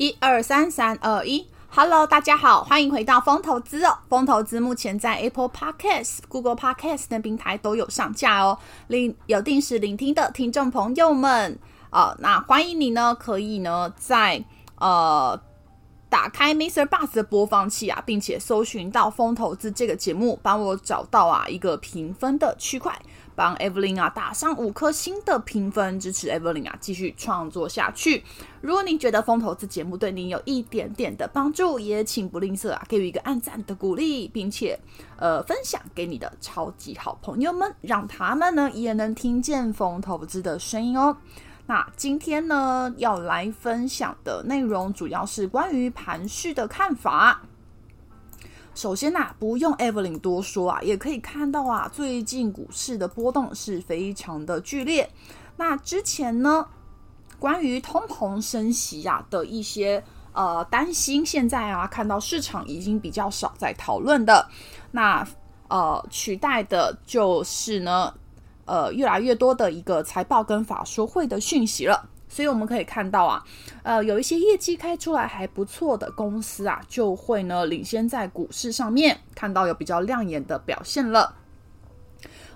一二三三二一，Hello，大家好，歡迎回到瘋投資、哦《瘋投資》哦。《瘋投資》目前在 Apple Podcast、Google Podcast 等平台都有上架哦。有定時聆聽的聽眾朋友們，啊、呃，那歡迎你呢，可以呢，在呃打開 Mr. Bass 的播放器啊，並且搜尋到《瘋投資》這個節目，幫我找到啊一個評分的區塊。幫 Evelyn 啊打上五顆星的評分，支持 Evelyn 啊繼續創作下去。如果您覺得瘋投資節目對你有一點點的幫助，也請不吝嗇啊給予一個按讚的鼓勵，並且呃分享給你的超級好朋友們，讓他們呢也能聽見瘋投資的聲音哦。那今天呢要來分享的內容主要是關於盤勢的看法。首先吶、啊，不用 Evelyn 多說啊，也可以看到啊，最近股市的波動是非常的劇烈。那之前呢，關於通膨升息呀、啊、的一些呃擔心，現在啊看到市場已經比較少在討論的，那呃取代的，就是呢，呃越來越多的一個財報跟法說會的訊息了。所以我們可以看到啊，呃，有一些業績開出來還不錯的公司啊，就會呢領先在股市上面看到有比較亮眼的表現了。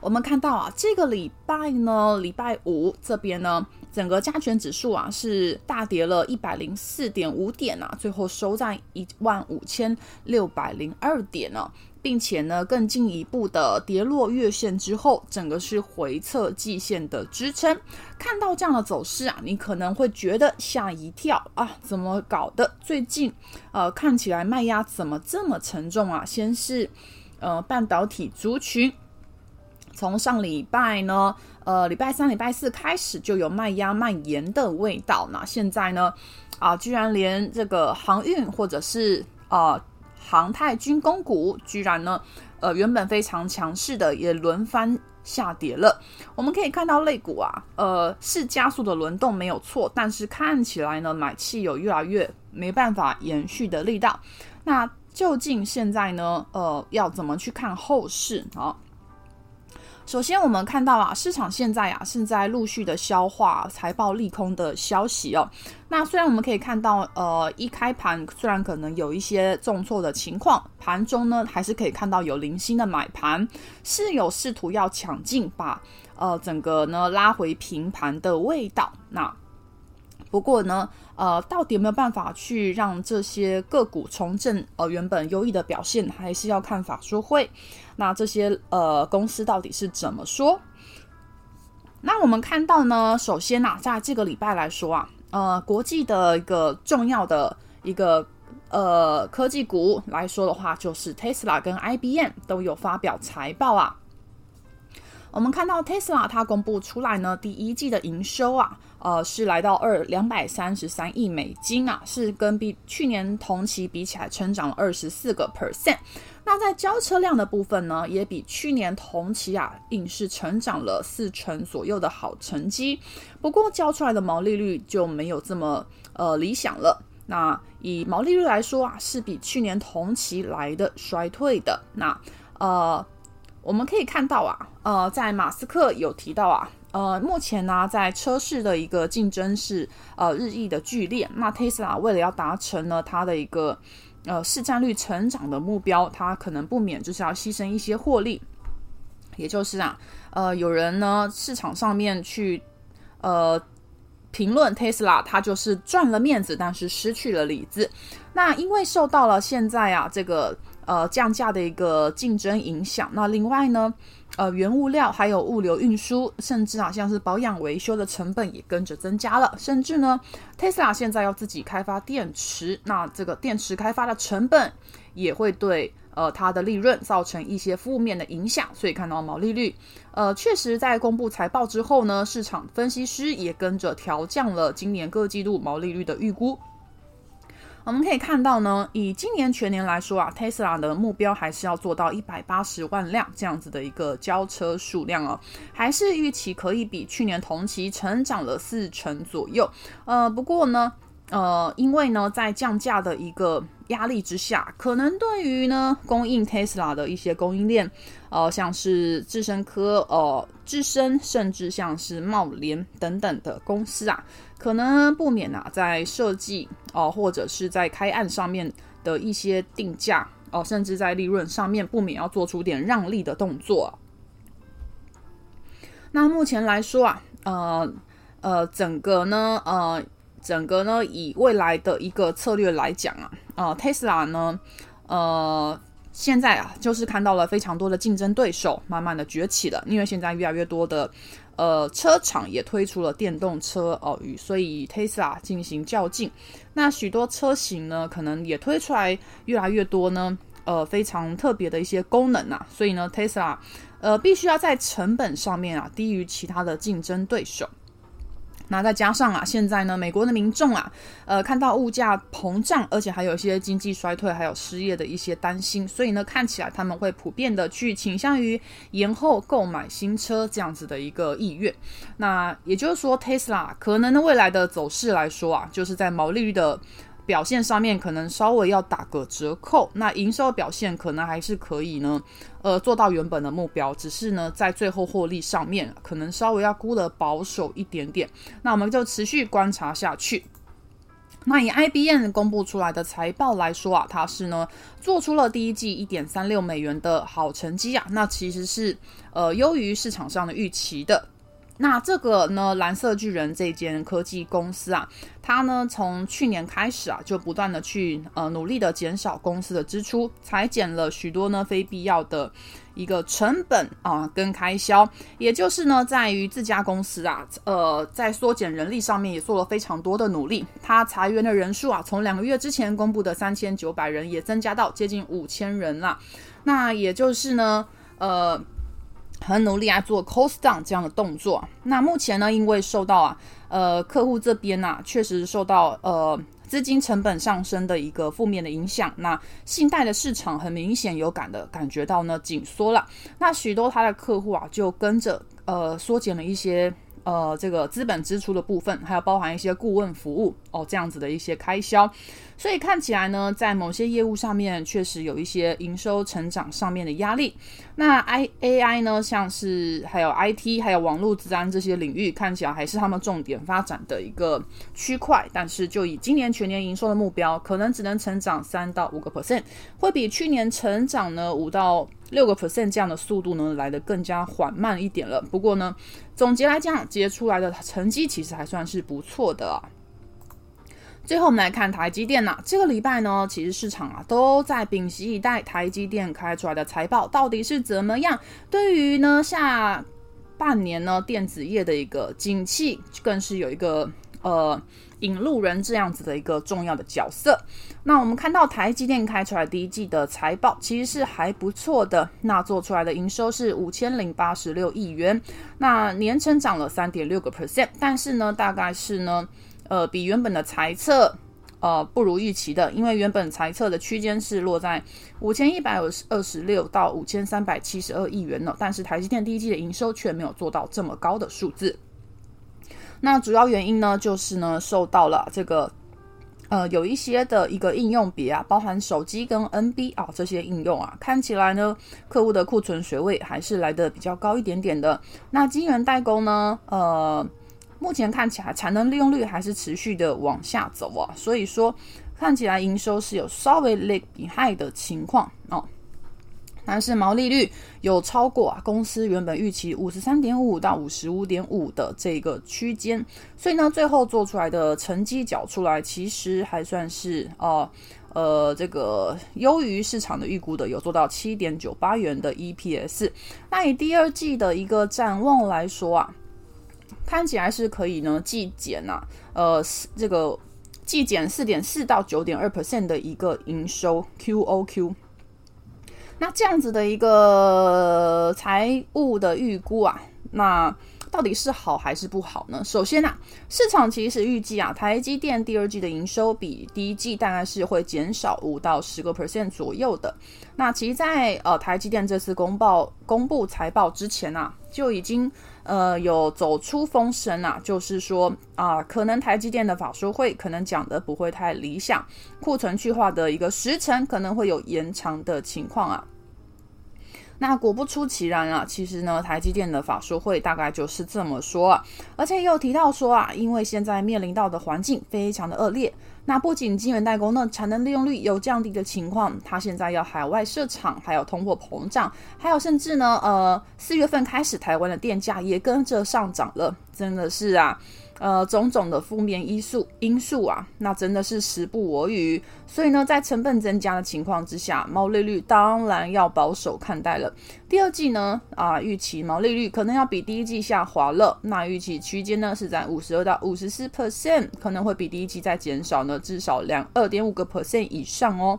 我們看到啊，這個禮拜呢，禮拜五這邊呢。整個加權指數啊是大跌了一百零四點五點啊，最後收在一萬五千六百零二點呢、啊，並且呢更進一步的跌落月線之後，整個是回測季線的支撐。看到這樣的走勢啊，你可能會覺得嚇一跳啊，怎麼搞的？最近呃看起來賣壓怎麼這麼沉重啊？先是呃半導體族群。從上禮拜呢，呃，禮拜三、禮拜四開始就有賣壓蔓延的味道。那現在呢，啊，居然連這個航運或者是啊、呃、航太軍工股，居然呢，呃，原本非常強勢的也輪番下跌了。我們可以看到，類股啊，呃，是加速的輪動沒有錯，但是看起來呢，買氣有越來越沒辦法延續的力道。那究竟現在呢，呃，要怎麼去看後市啊？首先，我們看到啊，市場現在啊正在陸續的消化財報利空的消息哦。那雖然我們可以看到，呃，一開盤雖然可能有一些重挫的情況，盤中呢還是可以看到有零星的買盤，是有試圖要搶進，把呃整個呢拉回平盤的味道。那。不過呢，呃，到底有沒有辦法去讓這些個股重振呃原本優異的表現，還是要看法說會。那這些呃公司到底是怎麼說？那我們看到呢，首先呢，啊，在這個禮拜來說啊，呃，國際的一個重要的一個呃科技股來說的話，就是 Tesla 跟 IBM 都有發表財報啊。我們看到 Tesla 它公布出來呢，第一季的營收啊。呃，是來到二兩百三十三億美金啊，是跟比去年同期比起來，成長了二十四個 percent。那在交車量的部分呢，也比去年同期啊，硬是成長了四成左右的好成績。不過交出來的毛利率就沒有這麼呃理想了。那以毛利率來說啊，是比去年同期來得衰退的。那呃，我們可以看到啊，呃，在馬斯克有提到啊。呃，目前呢，在車市的一個競爭是呃日益的劇烈。那 Tesla 為了要達成呢它的一個呃市占率成長的目標，它可能不免就是要犧牲一些獲利。也就是啊，呃，有人呢市場上面去呃評論 Tesla，它就是賺了面子，但是失去了裡子。那因為受到了現在啊這個。呃，降價的一個競爭影響。那另外呢，呃，原物料還有物流運輸，甚至好像是保養維修的成本也跟着增加了。甚至呢，Tesla 現在要自己開發電池，那這個電池開發的成本也會對呃它的利潤造成一些負面的影響。所以看到毛利率，呃，確實在公布財報之後呢，市場分析師也跟着調降了今年各季度毛利率的預估。我們、嗯、可以看到呢，以今年全年來說啊，Tesla 的目標還是要做到一百八十萬輛這樣子的一個交車數量哦，還是預期可以比去年同期成長了四成左右。呃，不過呢，呃，因為呢，在降價的一個壓力之下，可能對於呢供應 Tesla 的一些供應鏈，呃，像是智伸科、呃智伸，甚至像是貿聯等等的公司啊。可能不免啊，在設計哦、呃，或者是在開案上面的一些定價哦、呃，甚至在利潤上面不免要做出點讓利的動作、啊。那目前來說啊，呃呃，整個呢呃，整個呢以未來的一個策略來講啊、呃、，Tesla 呢，呃，現在啊就是看到了非常多的競爭對手慢慢的崛起了，因為現在越來越多的。呃，車廠也推出了電動車哦，與所以 Tesla 進行較勁。那許多車型呢，可能也推出來越來越多呢，呃，非常特別的一些功能吶、啊。所以呢，Tesla 呃，必須要在成本上面啊，低於其他的競爭對手。那再加上啊，現在呢，美國的民眾啊，呃，看到物價膨脹，而且還有一些經濟衰退，還有失業的一些擔心，所以呢，看起來他們會普遍的去傾向於延後購買新車這樣子的一個意願。那也就是說，Tesla 可能呢，未來的走勢來說啊，就是在毛利率的，表現上面可能稍微要打個折扣，那營收表現可能還是可以呢，呃，做到原本的目標，只是呢，在最後獲利上面可能稍微要估得保守一點點。那我們就持續觀察下去。那以 IBM 公布出來的財報來說啊，它是呢做出了第一季一點三六美元的好成績啊，那其實是呃優於市場上的預期的。那這個呢，藍色巨人這間科技公司啊，它呢從去年開始啊，就不斷的去呃努力的減少公司的支出，裁減了許多呢非必要的一個成本啊、呃、跟開銷，也就是呢在於這家公司啊，呃在縮減人力上面也做了非常多的努力。它裁員的人數啊，從兩個月之前公布的三千九百人，也增加到接近五千人了、啊。那也就是呢，呃。很努力啊，做 cost down 這樣的動作。那目前呢，因為受到啊，呃，客戶這邊吶、啊，確實受到呃資金成本上升的一個負面的影響。那信貸的市場很明顯有感的感覺到呢緊縮了。那許多他的客戶啊，就跟着呃縮減了一些。呃，這個資本支出的部分，還有包含一些顧問服務哦，這樣子的一些開銷，所以看起來呢，在某些業務上面確實有一些營收成長上面的壓力。那 I A I 呢，像是還有 I T，還有網絡資安這些領域，看起來還是他們重點發展的一個區塊。但是就以今年全年營收的目標，可能只能成長三到五個 percent，會比去年成長呢五到。六個 percent 這樣的速度呢，來得更加緩慢一點了。不過呢，總結來講，接出來的成績其實還算是不錯的啊。最後，我們來看台積電啦啊，這個禮拜呢，其實市場啊都在屏息以待台積電開出來的財報到底是怎麼樣？對於呢下半年呢電子業的一個景氣，更是有一個。呃，引路人這樣子的一個重要的角色。那我們看到台積電開出來第一季的財報，其實是還不錯的。那做出來的營收是五千零八十六億元，那年成長了三點六個 percent。但是呢，大概是呢，呃，比原本的財測，呃，不如預期的，因為原本財測的區間是落在五千一百二十六到五千三百七十二億元呢。但是台積電第一季的營收卻沒有做到這麼高的數字。那主要原因呢，就是呢，受到了這個，呃，有一些的一個應用別啊，包含手機跟 NB 啊這些應用啊，看起來呢，客戶的庫存水位還是來的比較高一點點的。那金圓代工呢，呃，目前看起來產能利用率還是持續的往下走啊，所以說看起來營收是有稍微累害 h i 的情況哦。但是毛利率有超過啊，公司原本預期五十三點五到五十五點五的這個區間，所以呢，最後做出來的成績繳出來，其實還算是哦、呃、呃這個優於市場的預估的，有做到七點九八元的 EPS。那以第二季的一個展望來說啊，看起來是可以呢季減吶、呃這個季減四點四到九點二 percent 的一個營收 QOQ。Q o Q 那這樣子的一個財務的預估啊，那到底是好還是不好呢？首先吶、啊，市場其實預計啊，台積電第二季的營收比第一季大概是會減少五到十個 percent 左右的。那其實在，在呃台積電這次公報公布財報之前吶、啊，就已經呃有走出風聲啊，就是說啊、呃，可能台積電的法說會可能講的不會太理想，庫存去化的一個時程可能會有延長的情況啊。那果不出其然啊，其實呢，台積電的法說會大概就是這麼說啊，而且也有提到說啊，因為現在面臨到的環境非常的惡劣，那不僅晶圓代工呢產能利用率有降低的情況，它現在要海外設廠，還有通貨膨脹，還有甚至呢，呃，四月份開始台灣的電價也跟着上漲了，真的是啊，呃，種種的負面因素因素啊，那真的是時不我與。所以呢，在成本增加的情況之下，毛利率當然要保守看待了。第二季呢，啊，預期毛利率可能要比第一季下滑了。那預期區間呢是在五十二到五十四 percent，可能會比第一季再減少呢至少兩二點五個 percent 以上哦。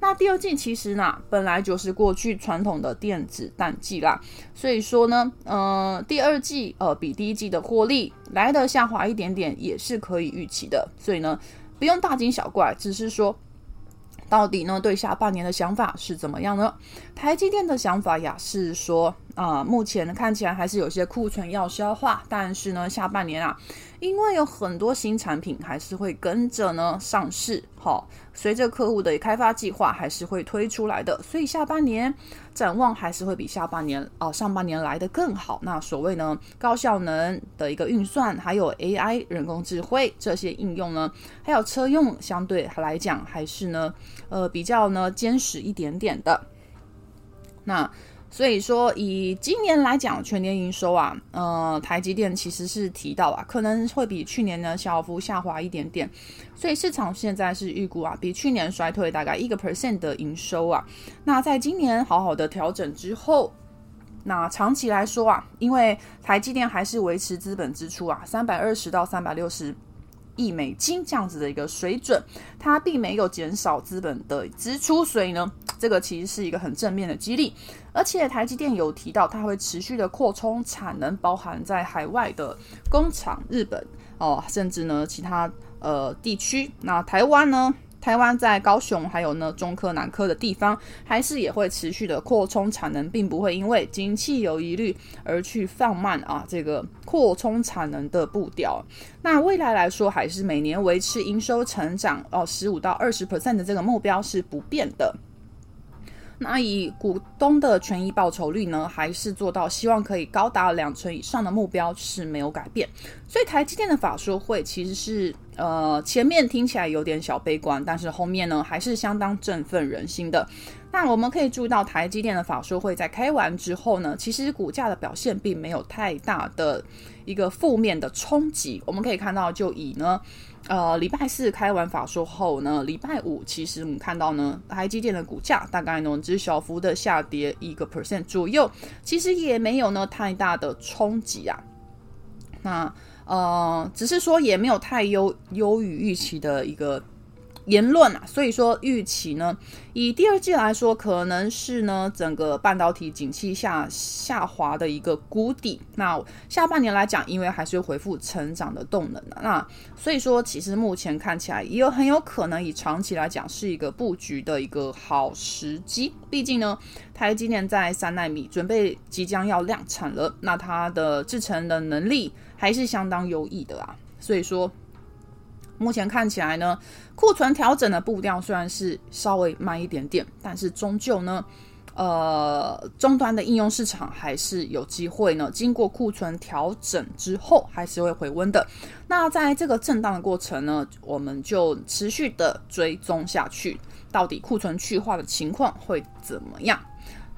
那第二季其實呢，本來就是過去傳統的電子淡季啦，所以說呢，嗯、呃，第二季呃比第一季的獲利來的下滑一點點也是可以預期的。所以呢，不用大驚小怪，只是說。到底呢，對下半年的想法是怎麼樣呢？台積電的想法呀，是說。啊、呃，目前呢，看起來還是有些庫存要消化，但是呢，下半年啊，因為有很多新產品還是會跟着呢上市，哈、哦，隨着客戶的開發計劃還是會推出來的，所以下半年展望還是會比下半年啊、呃、上半年來的更好。那所謂呢高效能的一個運算，還有 AI 人工智慧這些應用呢，還有車用相對來講還是呢，呃，比較呢堅實一點點的，那。所以說，以今年來講，全年營收啊，呃，台積電其實是提到啊，可能會比去年呢小幅下滑一點點，所以市場現在是預估啊，比去年衰退大概一個 percent 的營收啊。那在今年好好的調整之後，那長期來說啊，因為台積電還是維持資本支出啊，三百二十到三百六十。億美金這樣子的一個水準，它並沒有減少資本的支出，所以呢，這個其實是一個很正面的激勵。而且台積電有提到，它會持續的擴充產能，包含在海外的工廠，日本哦，甚至呢其他呃地區。那台灣呢？台灣在高雄，還有呢中科、南科的地方，還是也會持續的擴充產能，並不會因為景氣有疑慮而去放慢啊這個擴充產能的步調。那未來來說，還是每年維持營收成長哦十五到二十 percent 的這個目標是不變的。那以股東的權益報酬率呢，還是做到希望可以高達兩成以上的目標是沒有改變。所以台積電的法說會其實是，呃，前面聽起來有點小悲觀，但是後面呢還是相當振奮人心的。那我們可以注意到，台積電的法說會在開完之後呢，其實股價的表現並沒有太大的一個負面的衝擊。我們可以看到，就以呢。呃，禮拜四開完法說後呢，禮拜五其實我們看到呢，台積電的股價大概呢只小幅的下跌一個 percent 左右，其實也沒有呢太大的衝擊啊。那呃，只是說也沒有太優優於預期的一個。言論啊，所以說預期呢，以第二季來說，可能是呢整個半導體景氣下下滑的一個谷底。那下半年來講，因為還是恢復成長的動能的啊，那所以說其實目前看起來也有很有可能，以長期來講是一個佈局的一個好時機。畢竟呢，台積電在三奈米準備即將要量產了，那它的製程的能力還是相當優異的啊，所以說。目前看起來呢，庫存調整的步調雖然是稍微慢一點點，但是終究呢，呃，終端的應用市場還是有機會呢，經過庫存調整之後，還是會回溫的。那在這個震盪的過程呢，我們就持續的追蹤下去，到底庫存去化的情況會怎麼樣？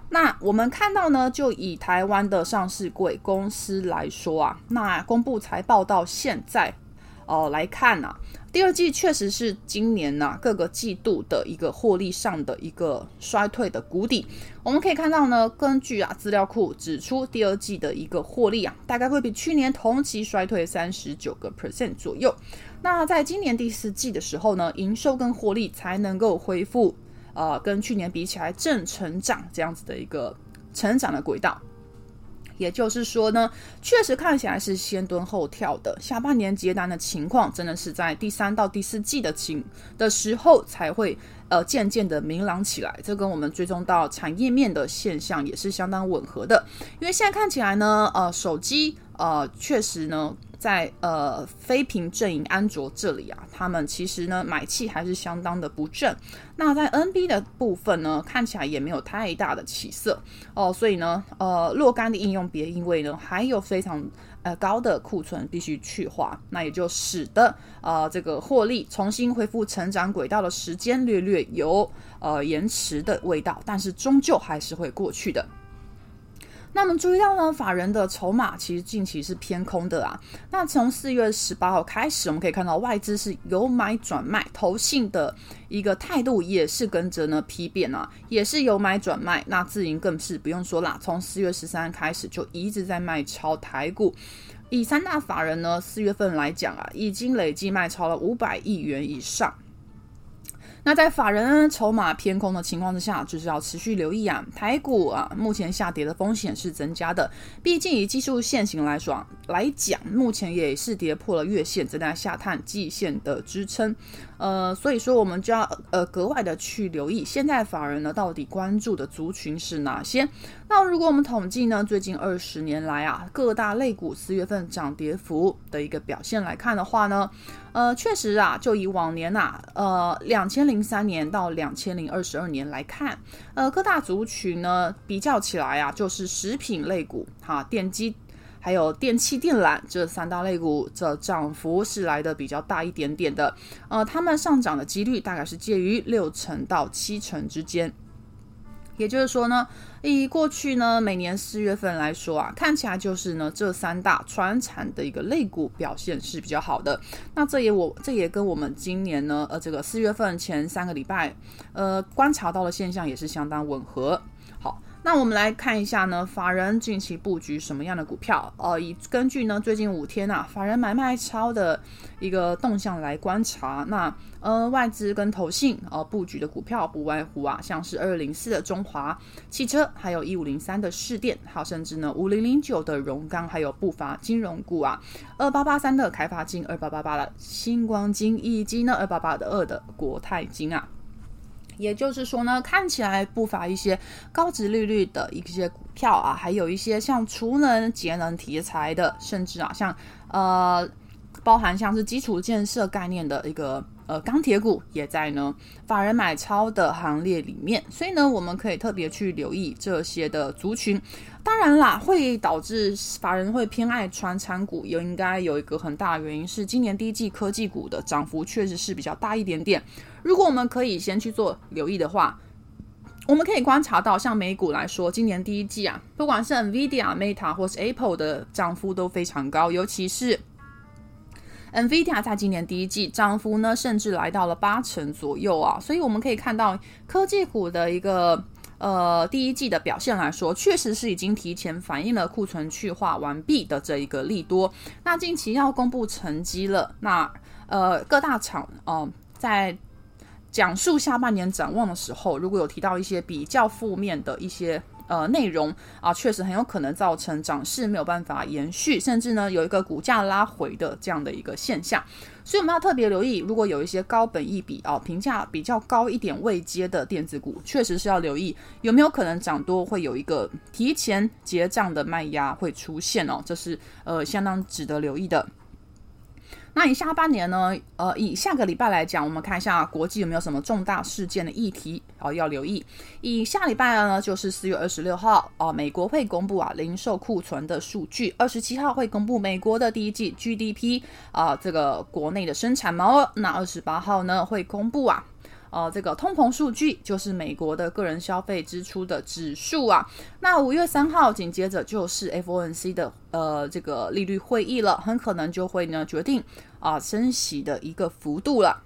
那我們看到呢，就以台灣的上市貴公司來說啊，那公布財報到現在。哦、呃，來看吶、啊，第二季確實是今年吶、啊、各個季度的一個獲利上的一個衰退的谷底。我們可以看到呢，根據啊資料庫指出，第二季的一個獲利啊，大概會比去年同期衰退三十九個 percent 左右。那在今年第四季的時候呢，營收跟獲利才能夠恢復啊、呃，跟去年比起來正成長這樣子的一個成長的軌道。也就是說呢，確實看起來是先蹲後跳的。下半年接單的情況，真的是在第三到第四季的情的時候才會呃漸漸的明朗起來。這跟我們追蹤到產業面的現象也是相當吻合的。因為現在看起來呢，呃，手機呃確實呢。在呃非蘋陣營安卓這裡啊，他們其實呢買氣還是相當的不振，那在 NB 的部分呢，看起來也沒有太大的起色哦。所以呢，呃，若干的應用別因為呢還有非常呃高的庫存必須去化，那也就使得呃這個獲利重新恢復成長軌道的時間略略有呃延遲的味道，但是終究還是會過去的。那麼注意到呢，法人的籌碼其實近期是偏空的啊。那從四月十八號開始，我們可以看到外資是由買轉賣，投信的一個態度也是跟着呢批變啊，也是由買轉賣。那自營更是不用說啦，從四月十三開始就一直在賣超台股。以三大法人呢，四月份來講啊，已經累計賣超了五百億元以上。那在法人籌碼偏空的情況之下，就是要持續留意啊，台股啊，目前下跌的風險是增加的。畢竟以技術線型來說，來講，目前也是跌破了月線，正在下探季線的支撐。呃，所以說我們就要呃格外的去留意，現在法人呢到底關注的族群是哪些？那如果我們統計呢，最近二十年來啊，各大類股四月份漲跌幅的一個表現來看的話呢，呃，確實啊，就以往年吶、啊，呃，兩千零三年到兩千零二十二年來看，呃，各大族群呢比較起來啊，就是食品類股哈，啊，電機類股還有電器電纜這三大類股，這漲幅是來的比較大一點點的。呃，它們上漲的幾率大概是介於六成到七成之間。也就是說呢，以過去呢每年四月份來說啊，看起來就是呢這三大傳產的一個類股表現是比較好的。那這也我這也跟我們今年呢呃這個四月份前三個禮拜呃觀察到的現象也是相當吻合。好，那我們來看一下呢，法人近期布局什麼樣的股票？呃，以根據呢最近五天吶、啊、法人買賣超的一個動向來觀察，那呃外資跟投信呃，布局的股票不外乎啊，像是二二零四的中華汽車，還有一五零三的市電，好、啊，甚至呢五零零九的榮鋼，還有不乏金融股啊，二八八三的開發金，二八八八的新光金，以及呢二八八的二的國泰金啊。也就是說呢，看起來不乏一些高殖利率的一些股票啊，還有一些像儲能、節能題材的，甚至啊，像呃。包含像是基礎建設概念的一個呃鋼鐵股也在呢法人買超的行列裡面，所以呢我們可以特別去留意這些的族群。當然啦，會導致法人會偏愛傳產股，又應該有一個很大原因是今年第一季科技股的漲幅確實是比較大一點點。如果我們可以先去做留意的話，我們可以觀察到像美股來說，今年第一季啊，不管是 NVIDIA、Meta 或是 Apple 的漲幅都非常高，尤其是。NVIDIA 在今年第一季漲幅呢，甚至來到了八成左右啊，所以我們可以看到科技股的一個呃第一季的表現來說，確實是已經提前反映了庫存去化完畢的這一個利多。那近期要公布成績了，那呃各大廠哦、呃，在講述下半年展望的時候，如果有提到一些比較負面的一些，呃，內容啊，確實很有可能造成漲勢沒有辦法延續，甚至呢，有一個股價拉回的這樣的一個現象。所以我們要特別留意，如果有一些高本益比啊，評價比較高一點位階的電子股，確實是要留意有沒有可能漲多會有一個提前結賬的賣壓會出現哦，這是呃相當值得留意的。那以下半年呢？呃，以下個禮拜來講，我們看一下國際有沒有什麼重大事件的議題啊、哦，要留意。以下禮拜呢，就是四月二十六號啊、呃，美國會公布啊零售庫存的數據；二十七號會公布美國的第一季 GDP 啊、呃，這個國內的生產毛。那二十八號呢會公布啊。哦、呃，這個通膨數據就是美國的個人消費支出的指數啊。那五月三號緊接着就是 FOMC 的呃這個利率會議了，很可能就會呢決定啊、呃、升息的一個幅度了。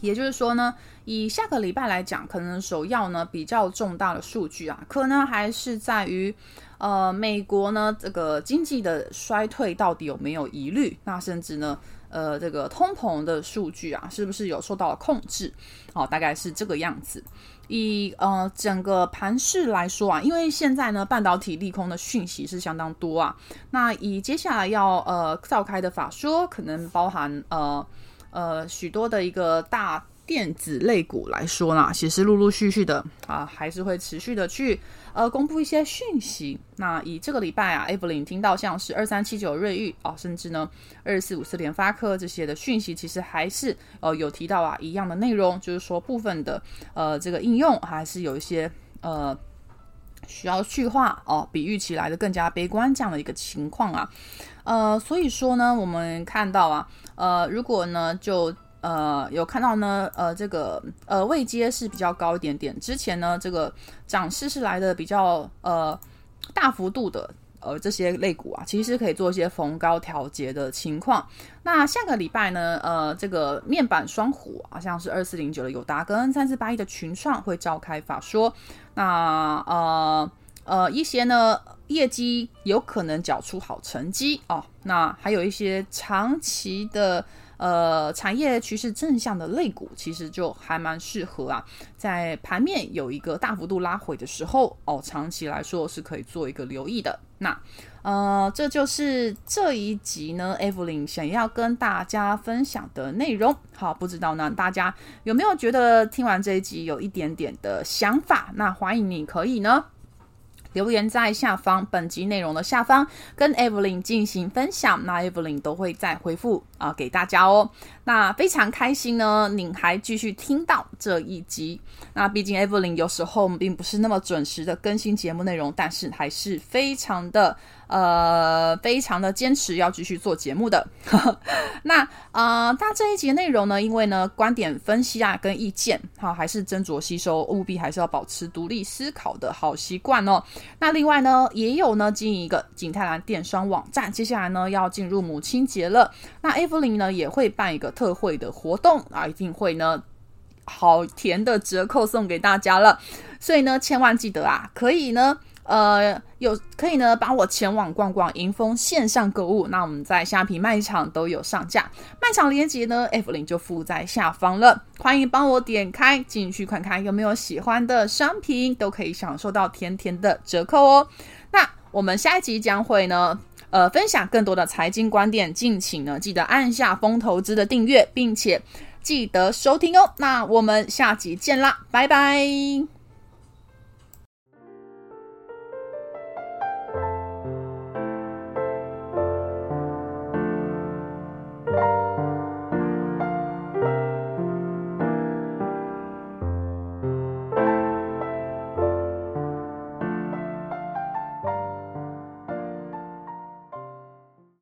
也就是說呢，以下個禮拜來講，可能首要呢比較重大的數據啊，可能還是在於呃美國呢這個經濟的衰退到底有沒有疑慮？那甚至呢？呃，這個通膨的數據啊，是不是有受到了控制？哦，大概是這個樣子。以呃整個盤勢來說啊，因為現在呢半導體利空的訊息是相當多啊。那以接下來要呃召開的法說，可能包含呃呃許多的一個大。電子類股來說呢，其實陸陸續續的啊，還是會持續的去呃公布一些訊息。那以這個禮拜啊 Evelyn 聽到像是二三七九瑞昱啊，甚至呢二四五四聯發科這些的訊息，其實還是呃有提到啊一樣的內容，就是說部分的呃這個應用還是有一些呃需要去化哦，比預期來的更加悲觀這樣的一個情況啊。呃，所以說呢，我們看到啊，呃，如果呢就呃，有看到呢，呃，這個呃位階是比較高一點點。之前呢，這個漲勢是來的比較呃大幅度的，呃，這些類股啊，其實可以做一些逢高調節的情況。那下個禮拜呢，呃，這個面板雙虎啊，像是二四零九的友達跟三四八一的群創會召開法說，那呃呃一些呢業績有可能繳出好成績啊，哦。那還有一些長期的。呃，產業趨勢正向的類股，其實就還蠻適合啊，在盤面有一個大幅度拉回的時候哦，長期來說是可以做一個留意的。那呃，這就是這一集呢，Evelyn 想要跟大家分享的內容。好，不知道呢，大家有沒有覺得聽完這一集有一點點的想法？那歡迎你可以呢。留言在下方，本集內容的下方跟 Evelyn 進行分享，那 Evelyn 都會再回復啊給大家哦。那非常開心呢，您還繼續聽到這一集。那畢竟 Evelyn 有時候並不是那麼準時的更新節目內容，但是還是非常的呃，非常的堅持要繼續做節目的。 那呃，那這一集內容呢，因為呢觀點分析啊跟意見好、啊，還是斟酌吸收，務必還是要保持獨立思考的好習慣哦。那另外呢，也有呢經營一個景泰藍電商網站。接下來呢要進入母親節了，那 A 芙琳呢也會辦一個特惠的活動啊，一定會呢好甜的折扣送給大家了，所以呢千萬記得啊，可以呢。呃，有可以呢，幫我前往逛逛瑩豐線上購物，那我們在蝦皮賣場都有上架，賣場鏈接呢，F 零就附在下方了，歡迎幫我點開進去看看有沒有喜歡的商品，都可以享受到甜甜的折扣哦。那我們下一集將會呢，呃，分享更多的財經觀點，敬請呢記得按下瘋投資的訂閱，並且記得收聽哦。那我們下集見啦，拜拜。